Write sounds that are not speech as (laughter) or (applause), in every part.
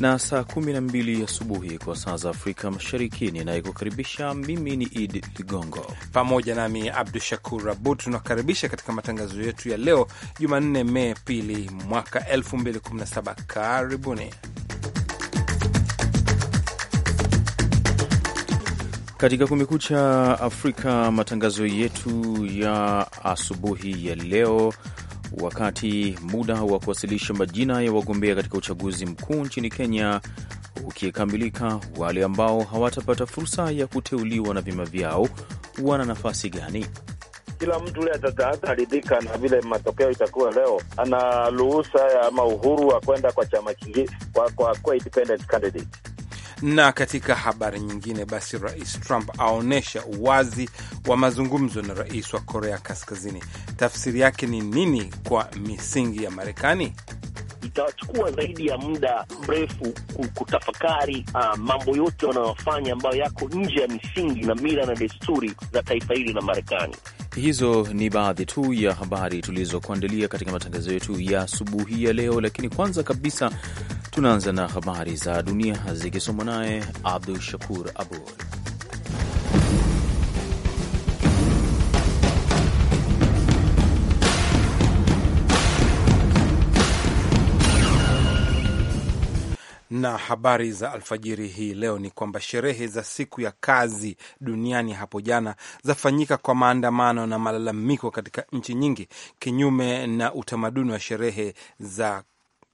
na saa 12 asubuhi kwa saa za Afrika Mashariki. Ninayekukaribisha mimi ni id Ligongo pamoja nami Abdu Shakur Abud. Tunakaribisha katika matangazo yetu ya leo Jumanne, Mei pili mwaka 2017. Karibuni katika Kumekucha Afrika, matangazo yetu ya asubuhi ya leo wakati muda wa kuwasilisha majina ya wagombea katika uchaguzi mkuu nchini Kenya ukikamilika, wale ambao hawatapata fursa ya kuteuliwa na vyama vyao wana nafasi gani? Kila mtu ule hataridhika na vile matokeo itakuwa leo, ana ruhusa ama uhuru wa kwenda kwa chama kingine, kwa, kwa, kwa independent candidate na katika habari nyingine, basi Rais Trump aonyesha uwazi wa mazungumzo na rais wa Korea Kaskazini. Tafsiri yake ni nini kwa misingi ya Marekani? Itachukua zaidi ya muda mrefu kutafakari uh, mambo yote wanayofanya ambayo yako nje ya misingi na mila na desturi za taifa hili la Marekani. Hizo ni baadhi tu ya habari tulizokuandalia katika matangazo yetu ya asubuhi ya leo, lakini kwanza kabisa Tunaanza na habari za dunia zikisomwa naye abdu Shakur Abud. Na habari za alfajiri hii leo ni kwamba sherehe za siku ya kazi duniani hapo jana zafanyika kwa maandamano na malalamiko katika nchi nyingi, kinyume na utamaduni wa sherehe za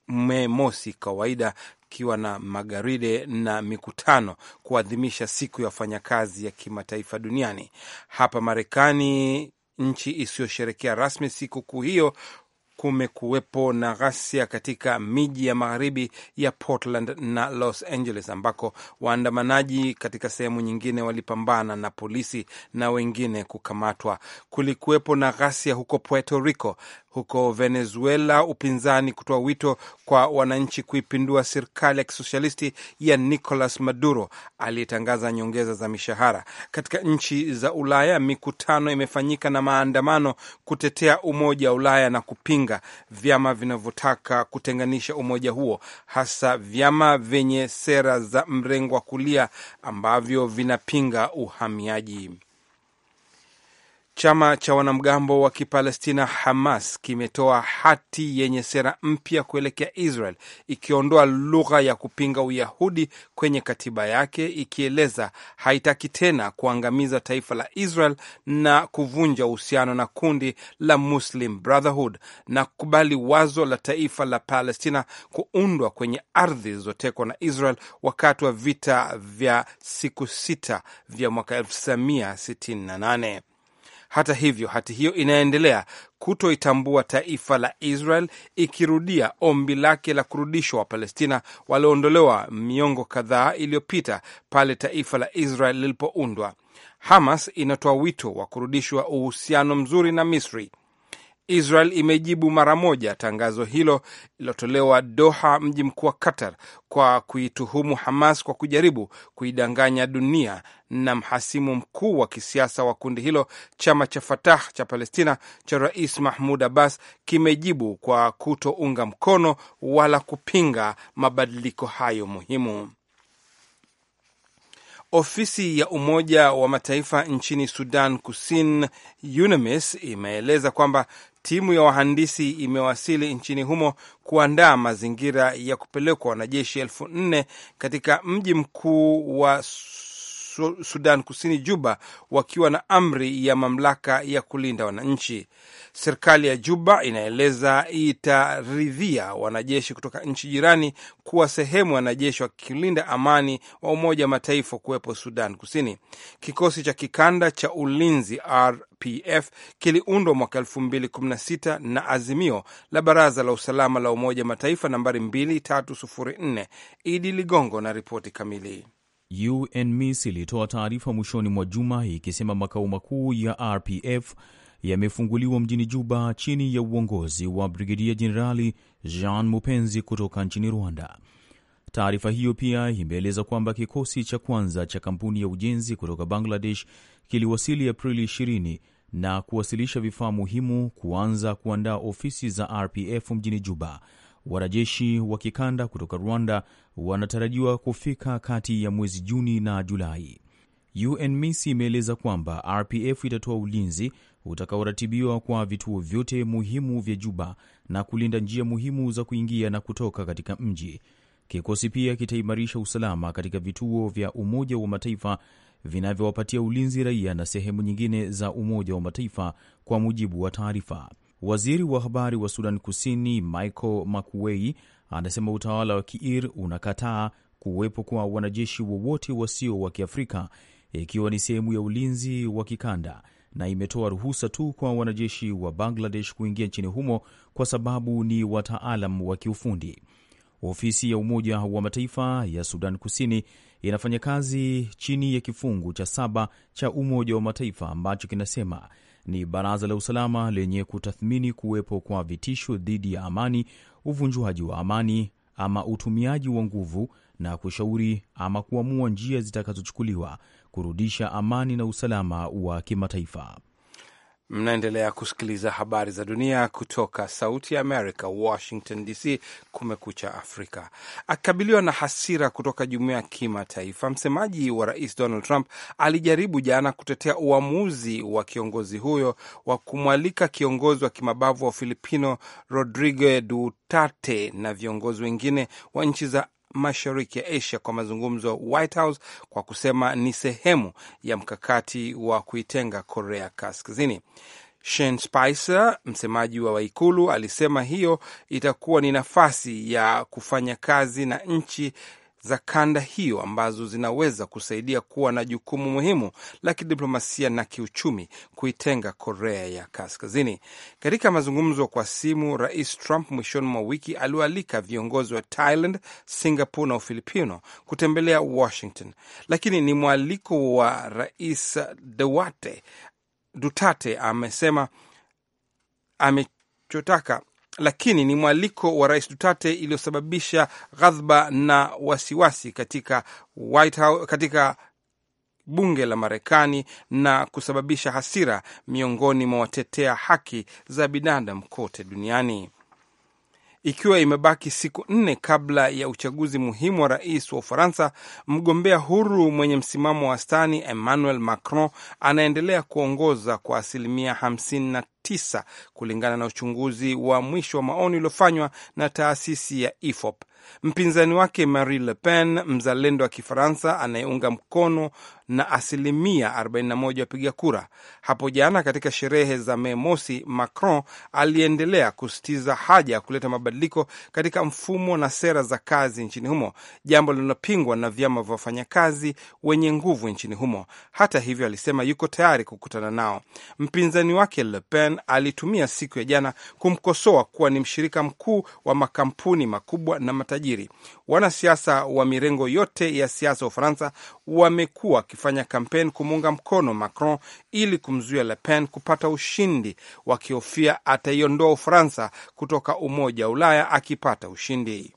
Mei Mosi kawaida kiwa na magaride na mikutano kuadhimisha siku ya wafanyakazi ya kimataifa duniani. Hapa Marekani, nchi isiyosherekea rasmi siku kuu hiyo, kumekuwepo na ghasia katika miji ya magharibi ya Portland na Los Angeles, ambako waandamanaji katika sehemu nyingine walipambana na polisi na wengine kukamatwa. Kulikuwepo na ghasia huko Puerto Rico huko Venezuela, upinzani kutoa wito kwa wananchi kuipindua serikali ya kisosialisti ya Nicolas Maduro aliyetangaza nyongeza za mishahara. Katika nchi za Ulaya, mikutano imefanyika na maandamano kutetea umoja wa Ulaya na kupinga vyama vinavyotaka kutenganisha umoja huo, hasa vyama vyenye sera za mrengo wa kulia ambavyo vinapinga uhamiaji. Chama cha wanamgambo wa Kipalestina Hamas kimetoa hati yenye sera mpya kuelekea Israel, ikiondoa lugha ya kupinga Uyahudi kwenye katiba yake, ikieleza haitaki tena kuangamiza taifa la Israel na kuvunja uhusiano na kundi la Muslim Brotherhood na kukubali wazo la taifa la Palestina kuundwa kwenye ardhi zilizotekwa na Israel wakati wa vita vya siku sita vya mwaka 1968. Hata hivyo, hati hiyo inaendelea kutoitambua taifa la Israel, ikirudia ombi lake la kurudishwa Wapalestina walioondolewa miongo kadhaa iliyopita pale taifa la Israel lilipoundwa. Hamas inatoa wito wa kurudishwa uhusiano mzuri na Misri. Israel imejibu mara moja tangazo hilo lililotolewa Doha, mji mkuu wa Qatar, kwa kuituhumu Hamas kwa kujaribu kuidanganya dunia na mhasimu mkuu wa kisiasa wa kundi hilo, chama cha Fatah cha Palestina cha Rais Mahmud Abbas kimejibu kwa kutounga mkono wala kupinga mabadiliko hayo muhimu. Ofisi ya Umoja wa Mataifa nchini Sudan Kusini, UNMISS, imeeleza kwamba timu ya wahandisi imewasili nchini humo kuandaa mazingira ya kupelekwa wanajeshi elfu nne katika mji mkuu wa Sudan Kusini, Juba, wakiwa na amri ya mamlaka ya kulinda wananchi. Serikali ya Juba inaeleza itaridhia wanajeshi kutoka nchi jirani kuwa sehemu ya wanajeshi wakilinda amani wa Umoja wa Mataifa kuwepo Sudan Kusini. Kikosi cha kikanda cha ulinzi RPF kiliundwa mwaka 2016 na azimio la Baraza la Usalama la Umoja wa Mataifa nambari 2304. Idi Ligongo na ripoti kamili. UNMISS ilitoa taarifa mwishoni mwa juma ikisema makao makuu ya RPF yamefunguliwa mjini Juba chini ya uongozi wa Brigedia Jenerali Jean Mupenzi kutoka nchini Rwanda. Taarifa hiyo pia imeeleza kwamba kikosi cha kwanza cha kampuni ya ujenzi kutoka Bangladesh kiliwasili Aprili 20 na kuwasilisha vifaa muhimu kuanza kuandaa ofisi za RPF mjini Juba. Wanajeshi wa kikanda kutoka Rwanda wanatarajiwa kufika kati ya mwezi Juni na Julai. UNMISS imeeleza kwamba RPF itatoa ulinzi utakaoratibiwa kwa vituo vyote muhimu vya Juba na kulinda njia muhimu za kuingia na kutoka katika mji. Kikosi pia kitaimarisha usalama katika vituo vya Umoja wa Mataifa vinavyowapatia ulinzi raia na sehemu nyingine za Umoja wa Mataifa, kwa mujibu wa taarifa. Waziri wa habari wa Sudan Kusini Michael Makuei anasema utawala wa Kiir unakataa kuwepo kwa wanajeshi wowote wasio wa Kiafrika ikiwa ni sehemu ya ulinzi wa kikanda na imetoa ruhusa tu kwa wanajeshi wa Bangladesh kuingia nchini humo kwa sababu ni wataalam wa kiufundi. Ofisi ya Umoja wa Mataifa ya Sudan Kusini inafanya kazi chini ya kifungu cha saba cha Umoja wa Mataifa ambacho kinasema ni baraza la usalama lenye kutathmini kuwepo kwa vitisho dhidi ya amani, uvunjwaji wa amani ama utumiaji wa nguvu na kushauri ama kuamua njia zitakazochukuliwa kurudisha amani na usalama wa kimataifa. Mnaendelea kusikiliza habari za dunia kutoka Sauti ya Amerika, Washington DC. Kumekucha Afrika. Akikabiliwa na hasira kutoka jumuiya ya kimataifa, msemaji wa rais Donald Trump alijaribu jana kutetea uamuzi wa kiongozi huyo wa kumwalika kiongozi wa kimabavu wa Filipino Rodrigo Duterte na viongozi wengine wa nchi za mashariki ya Asia kwa mazungumzo White House kwa kusema ni sehemu ya mkakati wa kuitenga Korea Kaskazini. Sean Spicer, msemaji wa waikulu alisema hiyo itakuwa ni nafasi ya kufanya kazi na nchi za kanda hiyo ambazo zinaweza kusaidia kuwa na jukumu muhimu la kidiplomasia na kiuchumi kuitenga Korea ya Kaskazini. Katika mazungumzo kwa simu, Rais Trump mwishoni mwa wiki aliwaalika viongozi wa Thailand, Singapore na Ufilipino kutembelea Washington, lakini ni mwaliko wa Rais Duterte amesema amechotaka lakini ni mwaliko wa Rais Duterte iliyosababisha ghadhba na wasiwasi katika White House, katika bunge la Marekani na kusababisha hasira miongoni mwa watetea haki za binadamu kote duniani ikiwa imebaki siku nne kabla ya uchaguzi muhimu wa rais wa Ufaransa, mgombea huru mwenye msimamo wa wastani Emmanuel Macron anaendelea kuongoza kwa asilimia 59 kulingana na uchunguzi wa mwisho wa maoni uliofanywa na taasisi ya IFOP. Mpinzani wake marie Le Pen, mzalendo wa Kifaransa anayeunga mkono na asilimia 41 wapiga kura. Hapo jana katika sherehe za Mei Mosi, Macron aliendelea kusisitiza haja ya kuleta mabadiliko katika mfumo na sera za kazi nchini humo, jambo linalopingwa na vyama vya wafanyakazi wenye nguvu nchini humo. Hata hivyo, alisema yuko tayari kukutana nao. Mpinzani wake Le Pen alitumia siku ya jana kumkosoa kuwa ni mshirika mkuu wa makampuni makubwa na matajiri. Wanasiasa wa mirengo yote ya siasa Ufaransa wamekuwa kufanya kampeni kumuunga mkono Macron ili kumzuia Le Pen kupata ushindi, wakihofia ataiondoa Ufaransa kutoka Umoja wa Ulaya akipata ushindi.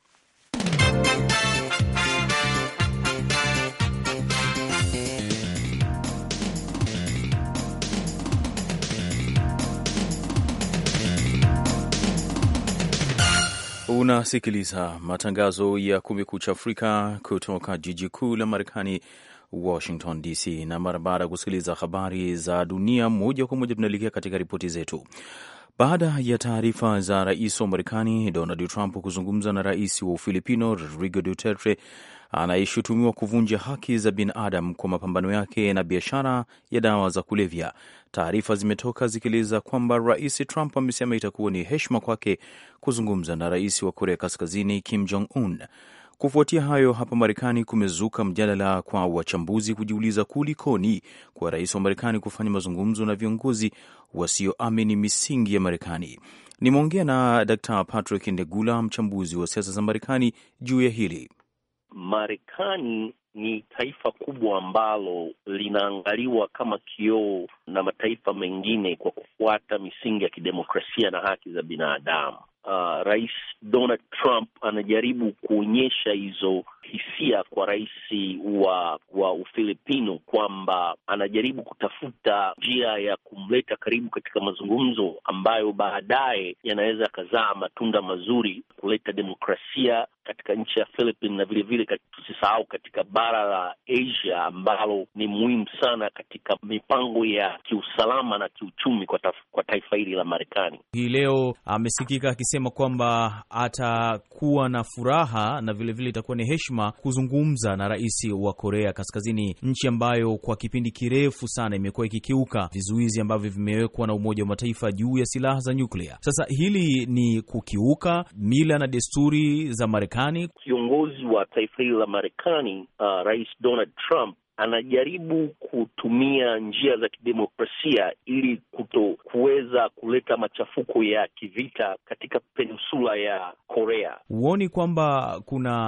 Unasikiliza matangazo ya Kumekucha Afrika kutoka jiji kuu la Marekani, Washington DC. Na mara baada ya kusikiliza habari za dunia moja kwa moja, tunaelekea katika ripoti zetu. Baada ya taarifa za rais wa Marekani Donald Trump kuzungumza na rais wa Ufilipino Rodrigo Duterte anayeshutumiwa kuvunja haki za binadamu kwa mapambano yake na biashara ya dawa za kulevya, taarifa zimetoka zikieleza kwamba rais Trump amesema itakuwa ni heshima kwake kuzungumza na rais wa Korea Kaskazini Kim Jong Un Kufuatia hayo, hapa Marekani kumezuka mjadala kwa wachambuzi kujiuliza kulikoni kwa rais wa Marekani kufanya mazungumzo na viongozi wasioamini misingi ya Marekani. Nimeongea na Dr. Patrick Ndegula, mchambuzi wa siasa za Marekani, juu ya hili. Marekani ni taifa kubwa ambalo linaangaliwa kama kioo na mataifa mengine kwa kufuata misingi ya kidemokrasia na haki za binadamu uh, Rais Donald Trump anajaribu kuonyesha hizo hisia kwa rais wa wa Ufilipino kwamba anajaribu kutafuta njia ya kumleta karibu katika mazungumzo ambayo baadaye yanaweza yakazaa matunda mazuri kuleta demokrasia katika nchi ya Philippines na vilevile tusisahau katika bara la Asia ambalo ni muhimu sana katika mipango ya kiusalama na kiuchumi kwa, taf, kwa taifa hili la Marekani. Hii leo amesikika akisema kwamba atakuwa na furaha na vilevile itakuwa ni heshima heshima kuzungumza na rais wa Korea Kaskazini, nchi ambayo kwa kipindi kirefu sana imekuwa ikikiuka vizuizi ambavyo vimewekwa na Umoja wa Mataifa juu ya silaha za nyuklia. Sasa hili ni kukiuka mila na desturi za Marekani. Kiongozi wa taifa hili la Marekani, uh, Rais Donald Trump anajaribu kutumia njia za kidemokrasia ili kuto kuweza kuleta machafuko ya kivita katika peninsula ya Korea. Huoni kwamba kuna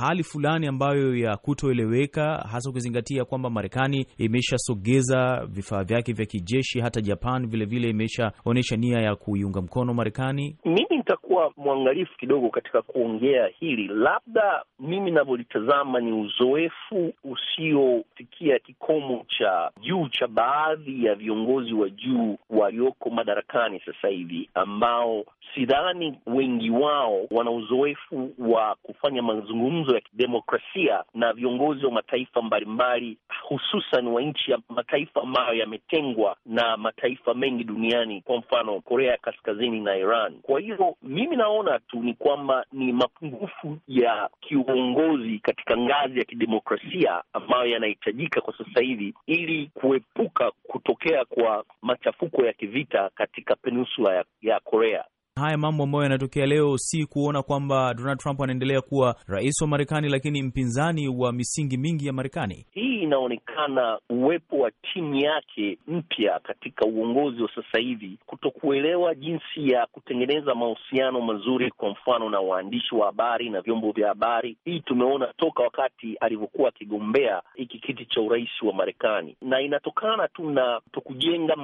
hali fulani ambayo ya kutoeleweka, hasa ukizingatia kwamba Marekani imeshasogeza vifaa vyake vya kijeshi, hata Japan vilevile imeshaonyesha nia ya kuiunga mkono Marekani? Mimi nitakuwa mwangalifu kidogo katika kuongea hili, labda mimi navyolitazama ni uzoefu usio kufikia kikomo cha juu cha baadhi ya viongozi wa juu walioko madarakani sasa hivi ambao sidhani wengi wao wana uzoefu wa kufanya mazungumzo ya kidemokrasia na viongozi wa mataifa mbalimbali, hususan wa nchi ya mataifa ambayo yametengwa na mataifa mengi duniani, kwa mfano Korea ya Kaskazini na Iran. Kwa hiyo mimi naona tu ni kwamba ni mapungufu ya kiuongozi katika ngazi ya kidemokrasia ambayo yanahitajika kwa sasa hivi ili kuepuka kutokea kwa machafuko ya kivita katika peninsula ya, ya Korea haya mambo ambayo yanatokea leo, si kuona kwamba Donald Trump anaendelea kuwa rais wa Marekani, lakini mpinzani wa misingi mingi ya Marekani inaonekana uwepo wa timu yake mpya katika uongozi wa sasa hivi kutokuelewa jinsi ya kutengeneza mahusiano mazuri, kwa mfano na waandishi wa habari na vyombo vya habari. Hii tumeona toka wakati alivyokuwa akigombea hiki kiti cha urais wa Marekani, na inatokana tu na kutokujenga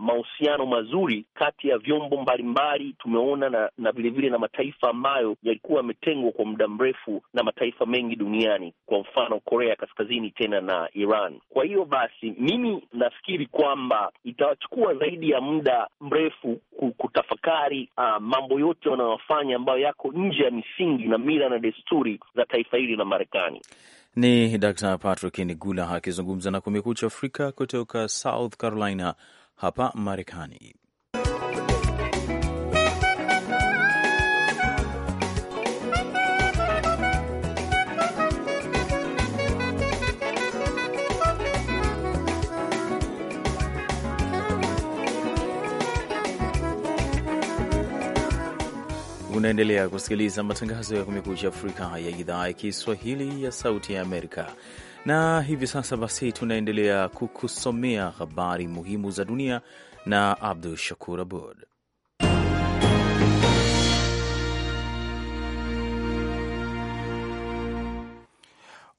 mahusiano ma, mazuri kati ya vyombo mbalimbali. Tumeona na na vilevile na mataifa ambayo yalikuwa yametengwa kwa muda mrefu na mataifa mengi duniani, kwa mfano Korea Kaskazini tena na Iran. Kwa hiyo basi, mimi nafikiri kwamba itawachukua zaidi ya muda mrefu kutafakari uh, mambo yote wanayofanya ambayo yako nje ya misingi na mila na desturi za taifa hili la Marekani. Ni Dr. Patrick Nigula akizungumza na Kumekucha Afrika kutoka South Carolina hapa Marekani. Unaendelea kusikiliza matangazo ya Kumekucha Afrika ya idhaa ya Kiswahili ya Sauti ya Amerika, na hivi sasa basi tunaendelea kukusomea habari muhimu za dunia na Abdul Shakur Abud.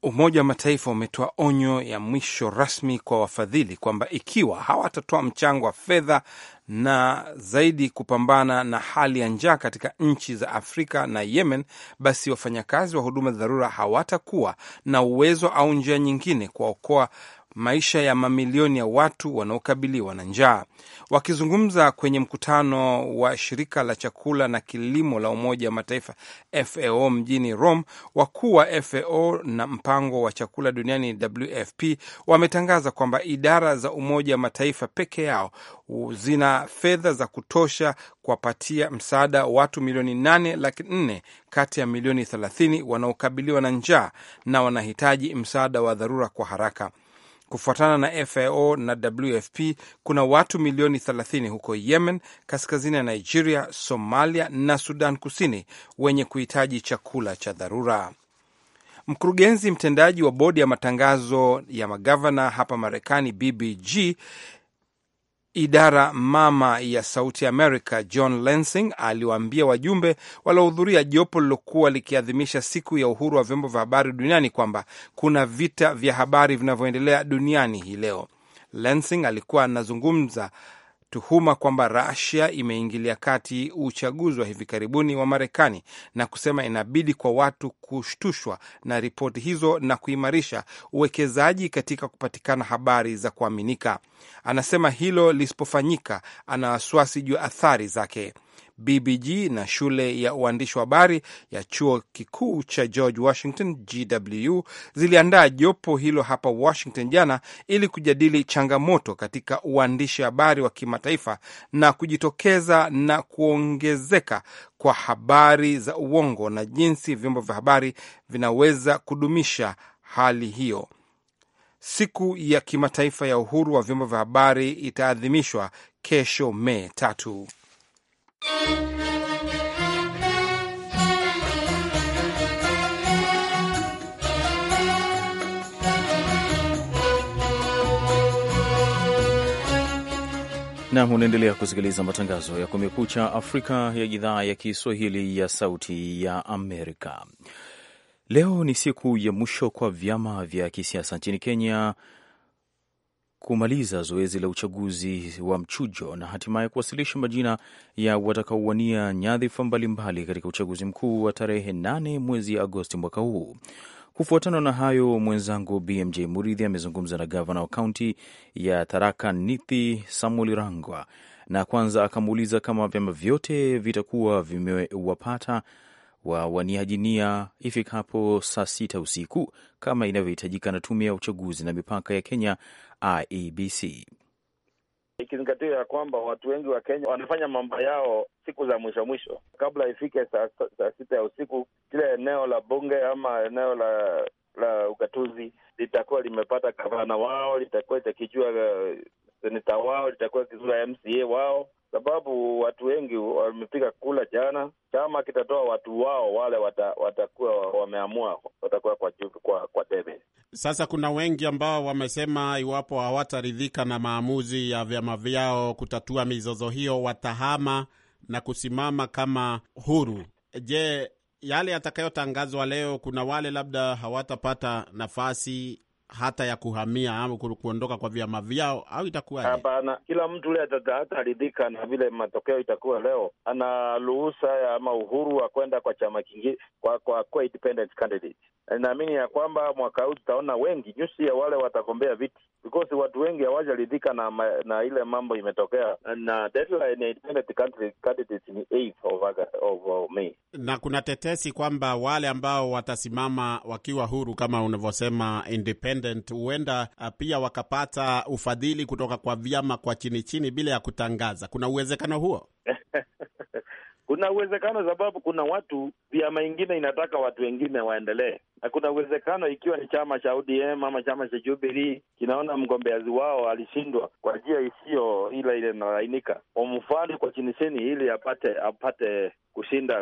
Umoja wa Mataifa umetoa onyo ya mwisho rasmi kwa wafadhili kwamba ikiwa hawatatoa mchango wa fedha na zaidi kupambana na hali ya njaa katika nchi za Afrika na Yemen, basi wafanyakazi wa huduma za dharura hawatakuwa na uwezo au njia nyingine kuwaokoa maisha ya mamilioni ya watu wanaokabiliwa na njaa. Wakizungumza kwenye mkutano wa shirika la chakula na kilimo la Umoja wa Mataifa FAO mjini Rome, wakuu wa FAO na mpango wa chakula duniani WFP wametangaza kwamba idara za Umoja wa Mataifa peke yao zina fedha za kutosha kuwapatia msaada watu milioni nane laki nne kati ya milioni thelathini wanaokabiliwa na njaa na wanahitaji msaada wa dharura kwa haraka. Kufuatana na FAO na WFP, kuna watu milioni 30 huko Yemen, kaskazini ya Nigeria, Somalia na Sudan Kusini wenye kuhitaji chakula cha dharura. Mkurugenzi mtendaji wa bodi ya matangazo ya magavana hapa Marekani, BBG, idara mama ya Sauti America John Lansing aliwaambia wajumbe waliohudhuria jopo lilokuwa likiadhimisha siku ya uhuru wa vyombo vya habari duniani kwamba kuna vita vya habari vinavyoendelea duniani hii leo. Lansing alikuwa anazungumza tuhuma kwamba Russia imeingilia kati uchaguzi wa hivi karibuni wa Marekani na kusema inabidi kwa watu kushtushwa na ripoti hizo na kuimarisha uwekezaji katika kupatikana habari za kuaminika. Anasema hilo lisipofanyika, ana wasiwasi juu athari zake. BBG na shule ya uandishi wa habari ya chuo kikuu cha George Washington GW ziliandaa jopo hilo hapa Washington jana ili kujadili changamoto katika uandishi habari wa kimataifa na kujitokeza na kuongezeka kwa habari za uongo na jinsi vyombo vya habari vinaweza kudumisha hali hiyo. Siku ya kimataifa ya uhuru wa vyombo vya habari itaadhimishwa kesho Mei tatu. Nam, unaendelea kusikiliza matangazo ya Kumekucha Afrika ya idhaa ya Kiswahili ya Sauti ya Amerika. Leo ni siku ya mwisho kwa vyama vya kisiasa nchini Kenya kumaliza zoezi la uchaguzi wa mchujo na hatimaye kuwasilisha majina ya watakaowania nyadhifa mbalimbali katika uchaguzi mkuu wa tarehe 8 mwezi Agosti mwaka huu. Kufuatana na hayo, mwenzangu BMJ Muridhi amezungumza na gavana wa kaunti ya Tharaka Nithi Samuel Rangwa, na kwanza akamuuliza kama vyama vyote vitakuwa vimewapata wa waniaji nia ifikapo saa sita usiku kama inavyohitajika na tume ya uchaguzi na mipaka ya Kenya IEBC, ikizingatiwa ya kwamba watu wengi wa Kenya wanafanya mambo yao siku za mwisho mwisho kabla ifike saa, saa sita ya usiku. Kile eneo la bunge ama eneo la la ugatuzi litakuwa limepata gavana wao, litakuwa itakijua eh, seneta wao, litakuwa ikizua MCA wao sababu watu wengi wamepiga kula jana. Chama kitatoa watu wao wale wata, watakuwa wameamua watakuwa kwa, kwa, kwa debe. Sasa kuna wengi ambao wamesema iwapo hawataridhika na maamuzi ya vyama vyao kutatua mizozo hiyo watahama na kusimama kama huru. Je, yale yatakayotangazwa leo, kuna wale labda hawatapata nafasi hata ya kuhamia au kuondoka kwa vyama vyao au itakuwa Hapana, kila mtu ule hataridhika na vile matokeo itakuwa leo, ana ruhusa ama uhuru wa kwenda kwa chama kingine, kwa kwa, kwa independent candidate naamini ya kwamba mwaka huu tutaona wengi nyusi ya wale watagombea viti, because watu wengi hawajaridhika na na ile mambo imetokea, na deadline ni of May. Na kuna tetesi kwamba wale ambao watasimama wakiwa huru kama unavyosema independent, huenda uh, pia wakapata ufadhili kutoka kwa vyama kwa chini chini bila ya kutangaza. Kuna uwezekano huo? (laughs) Kuna uwezekano sababu kuna watu vyama ingine inataka watu wengine waendelee na kuna uwezekano ikiwa ni chama cha ODM ama chama cha Jubilee kinaona mgombeazi wao alishindwa kwa njia isiyo ile ile inalainika, wamfali kwa chini chini ili apate apate kushinda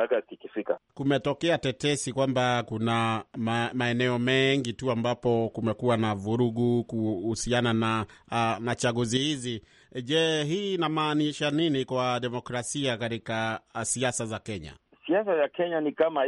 Agosti ikifika. Kumetokea tetesi kwamba kuna ma, maeneo mengi tu ambapo kumekuwa na vurugu kuhusiana na, uh, na chaguzi hizi. Je, hii inamaanisha nini kwa demokrasia katika siasa za Kenya? siasa ya Kenya ni kama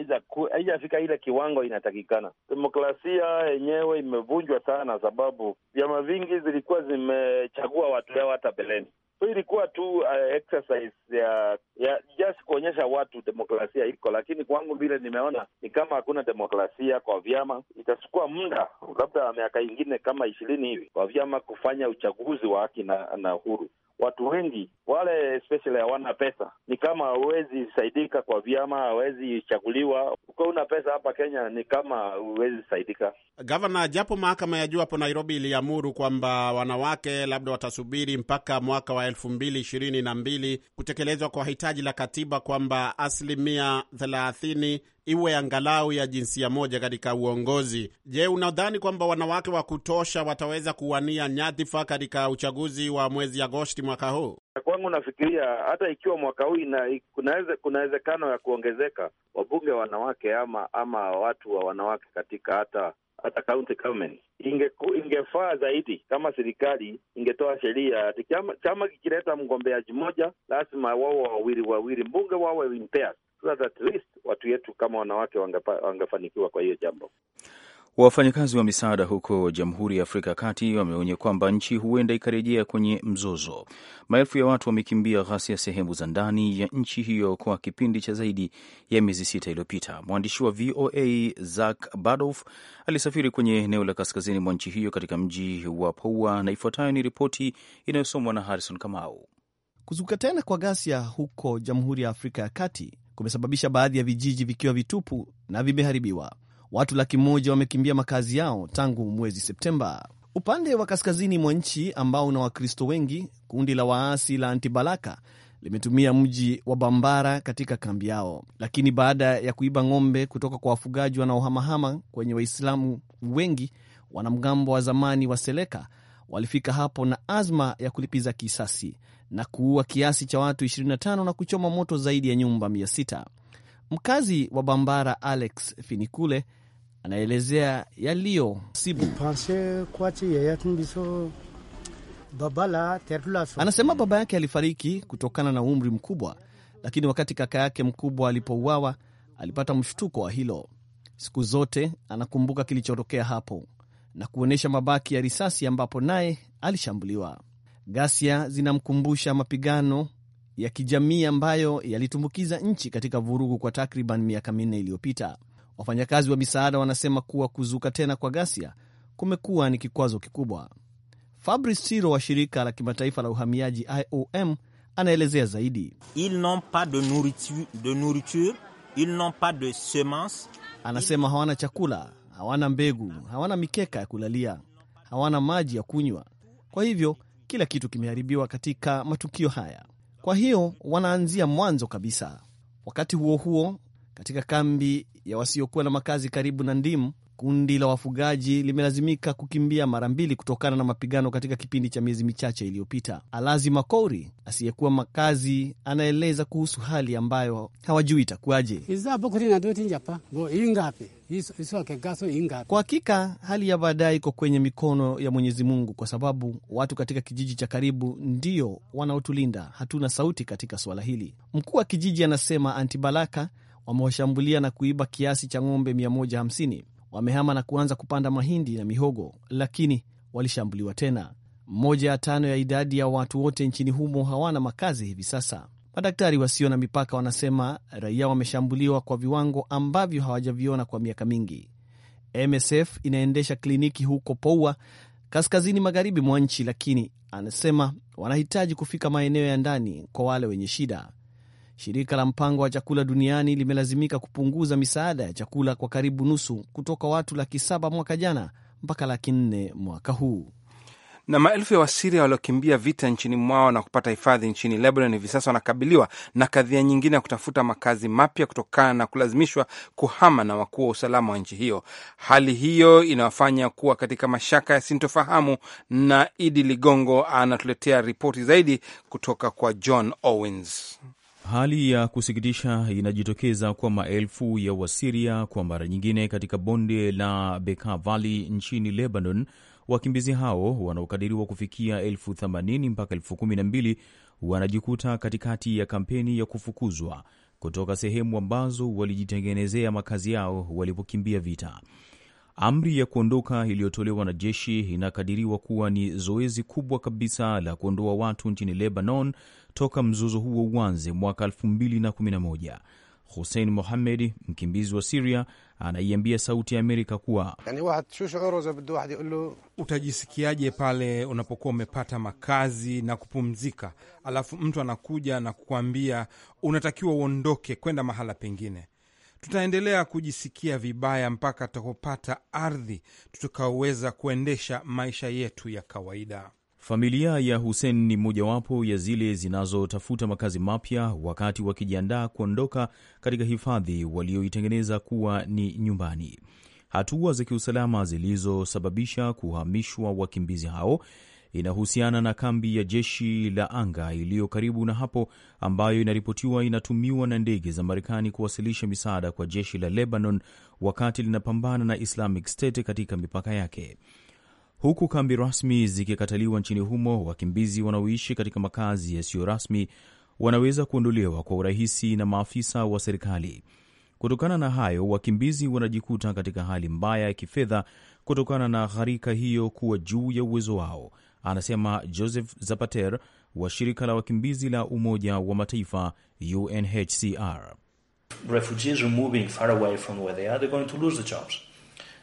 haijafika ile kiwango inatakikana. Demokrasia yenyewe imevunjwa sana, sababu vyama vingi zilikuwa zimechagua watu yao hata beleni. So ilikuwa tu uh, exercise ya, ya just kuonyesha watu demokrasia iko, lakini kwangu vile nimeona ni kama hakuna demokrasia kwa vyama. Itachukua muda labda miaka ingine kama ishirini hivi kwa vyama kufanya uchaguzi wa haki na, na huru watu wengi wale especially hawana pesa, ni kama hawezi saidika kwa vyama, hawezi chaguliwa. Ukiwa una pesa hapa Kenya ni kama huwezi saidika. Gavana, japo mahakama ya juu hapo Nairobi iliamuru kwamba wanawake labda watasubiri mpaka mwaka wa elfu mbili ishirini na mbili kutekelezwa kwa hitaji la katiba kwamba asilimia thelathini iwe angalau ya jinsia moja katika uongozi. Je, unadhani kwamba wanawake wa kutosha wataweza kuwania nyadhifa katika uchaguzi wa mwezi Agosti mwaka huu? Kwangu nafikiria hata ikiwa mwaka huu kunaweze, kunawezekano ya kuongezeka wabunge wanawake ama ama watu wa wanawake katika hata hata county government inge, ingefaa zaidi kama serikali ingetoa sheria ati chama kikileta mgombeaji mmoja lazima wawo wawili wawili mbunge wawe at least watu yetu kama wanawake wangefanikiwa kwa hiyo jambo. Wafanyakazi wa misaada huko Jamhuri ya Afrika ya Kati wameonya kwamba nchi huenda ikarejea kwenye mzozo. Maelfu ya watu wamekimbia ghasia sehemu za ndani ya nchi hiyo kwa kipindi cha zaidi ya miezi sita iliyopita. Mwandishi wa VOA Zak Badof alisafiri kwenye eneo la kaskazini mwa nchi hiyo katika mji wa Poua, na ifuatayo ni ripoti inayosomwa na Harrison Kamau. Kuzuka tena kwa ghasia huko Jamhuri ya Afrika ya Kati kumesababisha baadhi ya vijiji vikiwa vitupu na vimeharibiwa. Watu laki moja wamekimbia makazi yao tangu mwezi Septemba. Upande wa kaskazini mwa nchi ambao una Wakristo wengi, kundi la waasi la Antibalaka limetumia mji wa Bambara katika kambi yao, lakini baada ya kuiba ng'ombe kutoka kwa wafugaji wanaohamahama kwenye Waislamu wengi, wanamgambo wa zamani wa Seleka walifika hapo na azma ya kulipiza kisasi na kuua kiasi cha watu 25 na kuchoma moto zaidi ya nyumba 600. Mkazi wa Bambara Alex Finikule anaelezea yaliyosibu. Anasema baba yake alifariki kutokana na umri mkubwa, lakini wakati kaka yake mkubwa alipouawa alipata mshtuko wa hilo. Siku zote anakumbuka kilichotokea hapo na kuonyesha mabaki ya risasi ambapo naye alishambuliwa. Ghasia zinamkumbusha mapigano ya kijamii ambayo yalitumbukiza nchi katika vurugu kwa takriban miaka minne iliyopita. Wafanyakazi wa misaada wanasema kuwa kuzuka tena kwa ghasia kumekuwa ni kikwazo kikubwa. Fabrice Siro wa shirika la kimataifa la uhamiaji IOM anaelezea zaidi. Ils n'ont pas de nourriture, de nourriture, ils n'ont pas de semences. Anasema hawana chakula, hawana mbegu, hawana mikeka ya kulalia, hawana maji ya kunywa. Kwa hivyo kila kitu kimeharibiwa katika matukio haya. Kwa hiyo wanaanzia mwanzo kabisa. Wakati huo huo, katika kambi ya wasiokuwa na makazi karibu na Ndimu, Kundi la wafugaji limelazimika kukimbia mara mbili kutokana na mapigano katika kipindi cha miezi michache iliyopita. Alazi Makouri asiyekuwa makazi anaeleza kuhusu hali ambayo hawajui itakuwaje. Kwa hakika hali ya baadaye iko kwenye mikono ya Mwenyezi Mungu, kwa sababu watu katika kijiji cha karibu ndio wanaotulinda. Hatuna sauti katika suala hili. Mkuu wa kijiji anasema Antibalaka wamewashambulia na kuiba kiasi cha ng'ombe 150 wamehama na kuanza kupanda mahindi na mihogo, lakini walishambuliwa tena. mmoja ya tano ya idadi ya watu wote nchini humo hawana makazi hivi sasa. Madaktari Wasio na Mipaka wanasema raia wameshambuliwa kwa viwango ambavyo hawajaviona kwa miaka mingi. MSF inaendesha kliniki huko Poua, kaskazini magharibi mwa nchi, lakini anasema wanahitaji kufika maeneo ya ndani kwa wale wenye shida. Shirika la Mpango wa Chakula Duniani limelazimika kupunguza misaada ya chakula kwa karibu nusu kutoka watu laki saba mwaka jana mpaka laki nne mwaka huu. Na maelfu ya Wasiria waliokimbia vita nchini mwao na kupata hifadhi nchini Lebanon hivi sasa wanakabiliwa na kadhia nyingine ya kutafuta makazi mapya kutokana na kulazimishwa kuhama na wakuu wa usalama wa nchi hiyo. Hali hiyo inawafanya kuwa katika mashaka ya sintofahamu, na Idi Ligongo anatuletea ripoti zaidi kutoka kwa John Owens. Hali ya kusikitisha inajitokeza kwa maelfu ya Wasiria kwa mara nyingine katika bonde la Bekaa Valley nchini Lebanon. Wakimbizi hao wanaokadiriwa kufikia elfu themanini mpaka elfu kumi na mbili wanajikuta katikati ya kampeni ya kufukuzwa kutoka sehemu ambazo walijitengenezea makazi yao walipokimbia vita. Amri ya kuondoka iliyotolewa na jeshi inakadiriwa kuwa ni zoezi kubwa kabisa la kuondoa watu nchini Lebanon toka mzozo huo uanze mwaka 2011. Hussein Mohamed, mkimbizi wa Siria, anaiambia Sauti ya Amerika kuwa utajisikiaje pale unapokuwa umepata makazi na kupumzika, alafu mtu anakuja na kukuambia unatakiwa uondoke kwenda mahala pengine. Tutaendelea kujisikia vibaya mpaka tutakopata ardhi tutakaoweza kuendesha maisha yetu ya kawaida. Familia ya Hussein ni mojawapo ya zile zinazotafuta makazi mapya wakati wakijiandaa kuondoka katika hifadhi walioitengeneza kuwa ni nyumbani. Hatua za kiusalama zilizosababisha kuhamishwa wakimbizi hao inahusiana na kambi ya jeshi la anga iliyo karibu na hapo ambayo inaripotiwa inatumiwa na ndege za Marekani kuwasilisha misaada kwa jeshi la Lebanon wakati linapambana na Islamic State katika mipaka yake huku kambi rasmi zikikataliwa nchini humo, wakimbizi wanaoishi katika makazi yasiyo rasmi wanaweza kuondolewa kwa urahisi na maafisa wa serikali. Kutokana na hayo, wakimbizi wanajikuta katika hali mbaya ya kifedha kutokana na gharika hiyo kuwa juu ya uwezo wao, anasema Joseph Zapater wa shirika la wakimbizi la Umoja wa Mataifa, UNHCR. Refugees are moving far away from where they are, they're going to lose the jobs.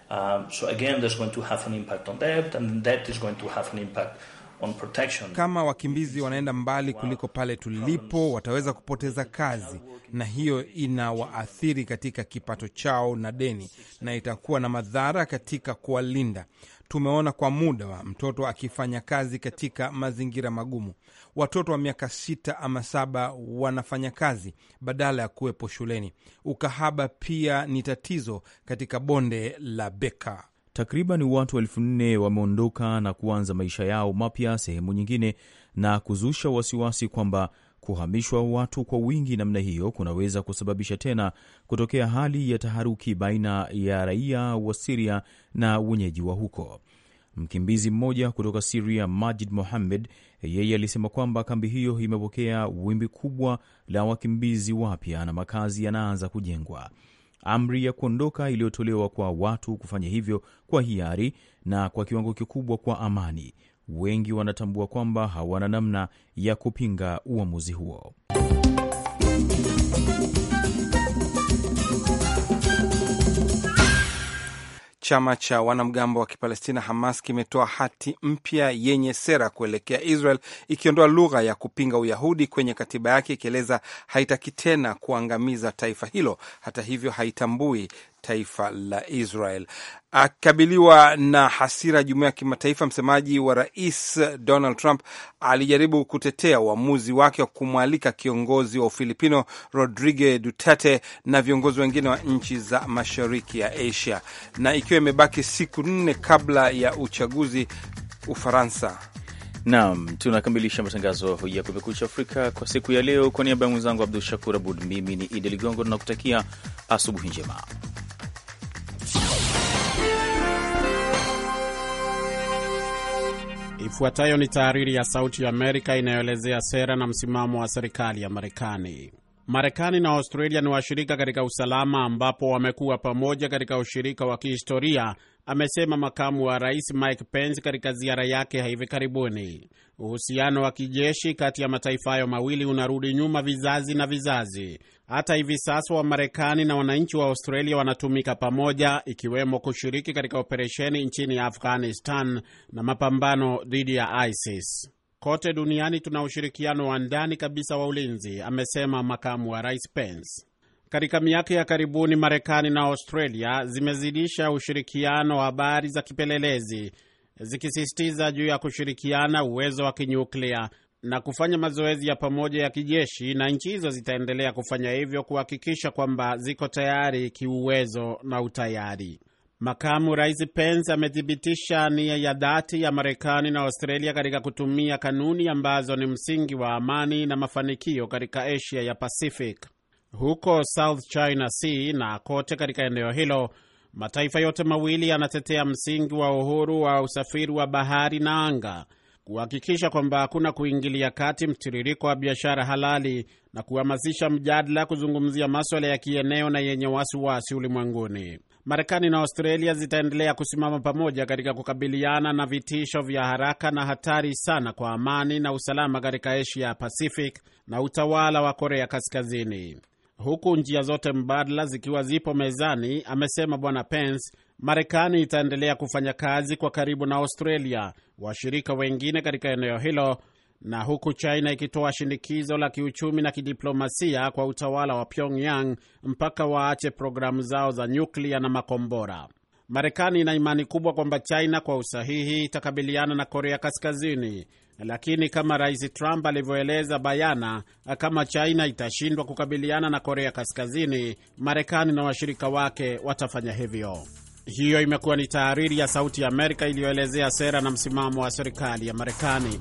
Um, so again, there's going to have an impact on debt, and debt is going to have an impact on protection. Kama wakimbizi wanaenda mbali kuliko pale tulipo, wataweza kupoteza kazi, na hiyo inawaathiri katika kipato chao na deni, na itakuwa na madhara katika kuwalinda tumeona kwa muda wa mtoto akifanya kazi katika mazingira magumu. Watoto wa miaka sita ama saba wanafanya kazi badala ya kuwepo shuleni. Ukahaba pia ni tatizo katika bonde la Beka. Takriban watu elfu nne wameondoka na kuanza maisha yao mapya sehemu nyingine, na kuzusha wasiwasi kwamba Kuhamishwa watu kwa wingi namna hiyo kunaweza kusababisha tena kutokea hali ya taharuki baina ya raia wa Siria na wenyeji wa huko. Mkimbizi mmoja kutoka Siria, Majid Mohammed, yeye alisema kwamba kambi hiyo imepokea wimbi kubwa la wakimbizi wapya na makazi yanaanza kujengwa. Amri ya kuondoka iliyotolewa kwa watu kufanya hivyo kwa hiari na kwa kiwango kikubwa kwa amani wengi wanatambua kwamba hawana namna ya kupinga uamuzi huo. Chama cha wanamgambo wa Kipalestina Hamas kimetoa hati mpya yenye sera kuelekea Israel, ikiondoa lugha ya kupinga Uyahudi kwenye katiba yake, ikieleza haitaki tena kuangamiza taifa hilo. Hata hivyo, haitambui taifa la Israel. Akikabiliwa na hasira jumuiya ya kimataifa, msemaji wa rais Donald Trump alijaribu kutetea uamuzi wake wa kumwalika kiongozi wa Ufilipino Rodrigo Duterte na viongozi wengine wa nchi za mashariki ya Asia. Na ikiwa imebaki siku nne kabla ya uchaguzi Ufaransa. Naam, tunakamilisha matangazo ya Kumekucha Afrika kwa siku ya leo. Kwa niaba ya mwenzangu Abdul Shakur Abud, mimi ni Idi Ligongo, tunakutakia asubuhi njema. Ifuatayo ni tahariri ya Sauti ya Amerika inayoelezea sera na msimamo wa serikali ya Marekani. Marekani na Australia ni washirika katika usalama, ambapo wamekuwa pamoja katika ushirika wa kihistoria amesema makamu wa rais Mike Pence katika ziara yake hivi karibuni. Uhusiano wa kijeshi kati ya mataifa hayo mawili unarudi nyuma vizazi na vizazi. Hata hivi sasa Wamarekani na wananchi wa Australia wanatumika pamoja, ikiwemo kushiriki katika operesheni nchini Afghanistan na mapambano dhidi ya ISIS. Kote duniani tuna ushirikiano wa ndani kabisa wa ulinzi, amesema makamu wa rais Pence. Katika miaka ya karibuni Marekani na Australia zimezidisha ushirikiano wa habari za kipelelezi zikisisitiza juu ya kushirikiana uwezo wa kinyuklia na kufanya mazoezi ya pamoja ya kijeshi, na nchi hizo zitaendelea kufanya hivyo kuhakikisha kwamba ziko tayari kiuwezo na utayari. Makamu Rais Pence amethibitisha nia ya dhati ya Marekani na Australia katika kutumia kanuni ambazo ni msingi wa amani na mafanikio katika Asia ya Pacific huko South China Sea na kote katika eneo hilo. Mataifa yote mawili yanatetea msingi wa uhuru wa usafiri wa bahari na anga, kuhakikisha kwamba hakuna kuingilia kati mtiririko wa biashara halali na kuhamasisha mjadala kuzungumzia maswala ya kieneo na yenye wasiwasi ulimwenguni. Marekani na Australia zitaendelea kusimama pamoja katika kukabiliana na vitisho vya haraka na hatari sana kwa amani na usalama katika Asia ya Pacific na utawala wa Korea Kaskazini huku njia zote mbadala zikiwa zipo mezani, amesema Bwana Pence. Marekani itaendelea kufanya kazi kwa karibu na Australia, washirika wengine katika eneo hilo, na huku China ikitoa shinikizo la kiuchumi na kidiplomasia kwa utawala wa Pyongyang mpaka waache programu zao za nyuklia na makombora. Marekani ina imani kubwa kwamba China kwa usahihi itakabiliana na Korea Kaskazini lakini kama Rais Trump alivyoeleza bayana, kama China itashindwa kukabiliana na Korea Kaskazini, Marekani na washirika wake watafanya hivyo. Hiyo imekuwa ni tahariri ya Sauti ya Amerika iliyoelezea sera na msimamo wa serikali ya Marekani.